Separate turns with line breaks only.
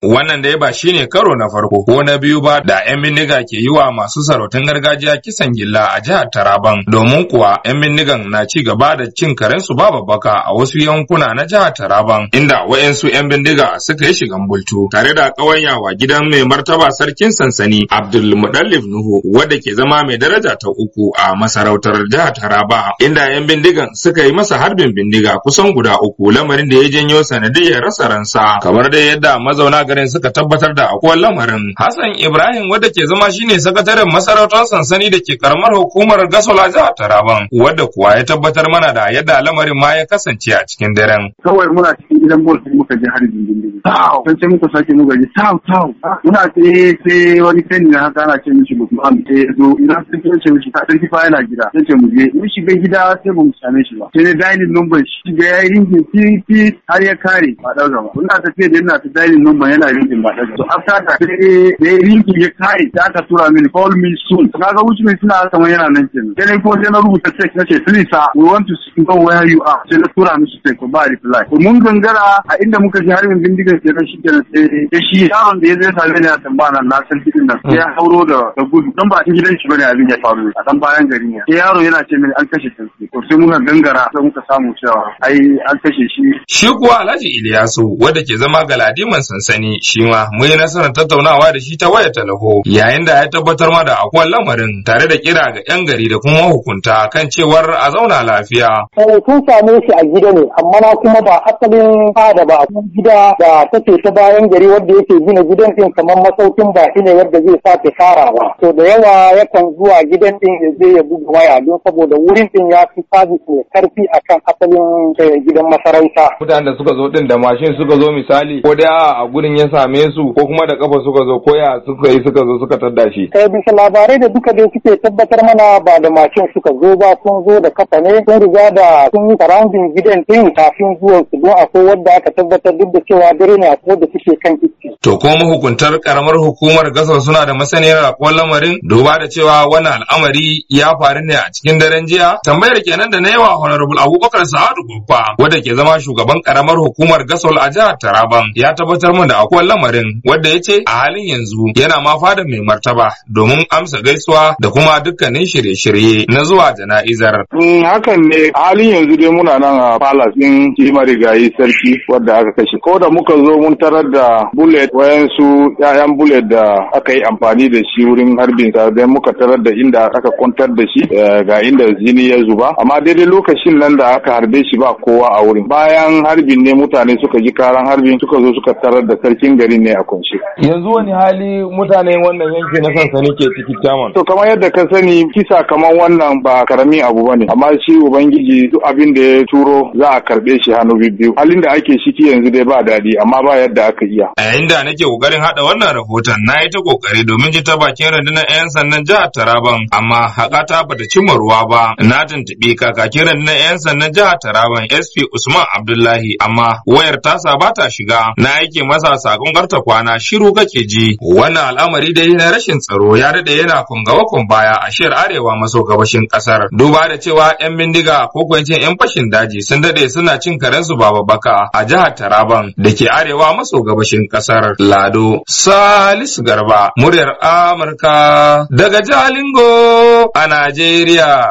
Wannan
dai ba shine karo na farko ko na biyu ba da 'yan bindiga ke yi wa masu sarautun gargajiya kisan gilla a jihar Taraban domin kuwa 'yan bindigan na ci gaba da cin karensu ba babbaka a wasu yankuna na jihar Taraban inda wayansu 'yan bindiga suka yi shigan bultu tare da wa gidan mai martaba sarkin sansani Abdulmuɗallif Nuhu wadda ke zama mai daraja ta uku a masarautar jihar Taraba inda 'yan bindigan suka yi masa harbin bindiga kusan guda uku lamarin da ya janyo sanadiyar rasa ransa kamar dai yadda mazauna garin suka tabbatar da akwai lamarin. Hassan Ibrahim wadda ke zama shine sakataren masarautar sansani da ke karamar hukumar Gasola jihar Taraban wadda kuwa ya tabbatar mana da yadda lamarin ma ya kasance a cikin daren.
Kawai muna cikin gidan bol sai muka je har dindindin. Tau! Sai sai muka sake muka je tau tau. Muna tsaye sai wani sani na haka ana ce mishi Lukman. Sai eh, zo ina sun ce mishi mishi ta sarki fa yana gida. Sai ce mu je. Mun shiga gida sai mu same shi ba. Sai dai dining number shi ga yayin rinkin fi har ya kare ba ɗaura ba. Muna tafiya da ina ta dining number yana rinkin ba to after that sai da rinkin ya kare ta aka tura mini call me soon kaga wuce suna kamar yana nan kenan sai ko sai na rubuta text nace Lisa we want to know where you are sai na tura mishi text ba reply mun gangara a inda muka ji harbin bindigar kenan shi kenan sai shi yaron da ya zai same ni a tambana na san cikin nan sai ya hauro da gudu dan ba cikin gidan shi bane abin ya faru a dan bayan gari ne sai yaro yana ce mini an kashe shi ko sai muka gangara sai muka samu cewa ai an kashe shi
shi kuwa Alhaji Iliyasu wanda ke zama galadiman sansani Sani shi ma mun yi nasarar tattaunawa da shi ta waya talaho yayin da ya tabbatar ma da akwai lamarin tare da kira ga 'yan gari da kuma hukunta kan cewar a zauna lafiya.
Eh, sun same shi a gida ne amma na kuma ba asalin fada ba gida da take ta bayan gari wanda yake gina gidan din kamar masaukin baki ne yadda zai sa ta fara ba. To da yawa yakan zuwa gidan din ya je ya buga waya don saboda wurin din ya fi sabis mai karfi akan asalin eh, gidan masarauta.
Mutanen da suka zo din da mashin suka zo misali ko da a gurin ya same su ko kuma da kafa suka zo ko ya suka yi suka zo suka tadda shi.
Eh bisa labarai da duka da suke
tabbatar mana ba da mashin suka zo ba sun zo da kafa ne sun riga da sun yi surrounding gidan din kafin zuwan su don akwai wadda aka tabbatar duk da cewa dare ne akwai da suke kan iski.
To ko mahukuntar karamar hukumar gasa suna da masaniyar akwai lamarin duba da cewa wannan al'amari ya faru ne a cikin daren jiya tambayar kenan da na yawa honorable abubakar sa'adu Gurfa wadda ke zama shugaban karamar hukumar gasol a jihar taraban ya tabbatar mana da aukuwar lamarin wadda ya ce a halin yanzu yana ma fada mai martaba domin amsa gaisuwa da kuma dukkanin shirye-shirye na zuwa jana'izar.
Mm, hakan ne a halin yanzu dai muna nan a palace din marigayi sarki wadda aka kashe ko da muka zo mun tarar da bullet wayansu ya'yan bullet da aka yi amfani da shi wurin harbin sa dai muka tarar da inda aka kwantar da shi eh, ga inda jini ya zuba amma daidai lokacin nan da aka harbe shi ba kowa a wurin bayan harbin ne mutane suka ji karan harbin suka zo suka tarar da sarki cikin garin ne a kunshi.
Yanzu wani hali mutane wannan yanki na sansani ke ciki taman.
To kamar yadda ka sani kisa kamar wannan ba karamin abu bane amma shi ubangiji duk abin da ya turo za a karbe shi hannu biyu. Halin da ake ciki yanzu dai ba daɗi amma ba yadda aka iya.
A yayin da nake kokarin haɗa wannan rahoton na yi ta kokari domin ji ta bakin rundunar 'yan sannan jihar Taraban amma ta bata cimma ruwa ba. Na tuntuɓi kakakin rundunar 'yan sannan jihar Taraban SP Usman Abdullahi amma wayar tasa ba ta shiga. Na yake masa sakon garta kwana shiru kake ji wannan al'amari da na rashin tsaro ya daɗe yana kungawa kun baya a shiyar arewa maso gabashin ƙasar. duba da cewa yan bindiga ko kwancin yan fashin daji sun daɗe suna cin karensu baba baka a jihar taraban da ke arewa maso gabashin ƙasar.
lado salisu garba muryar
amurka daga jalingo a najeriya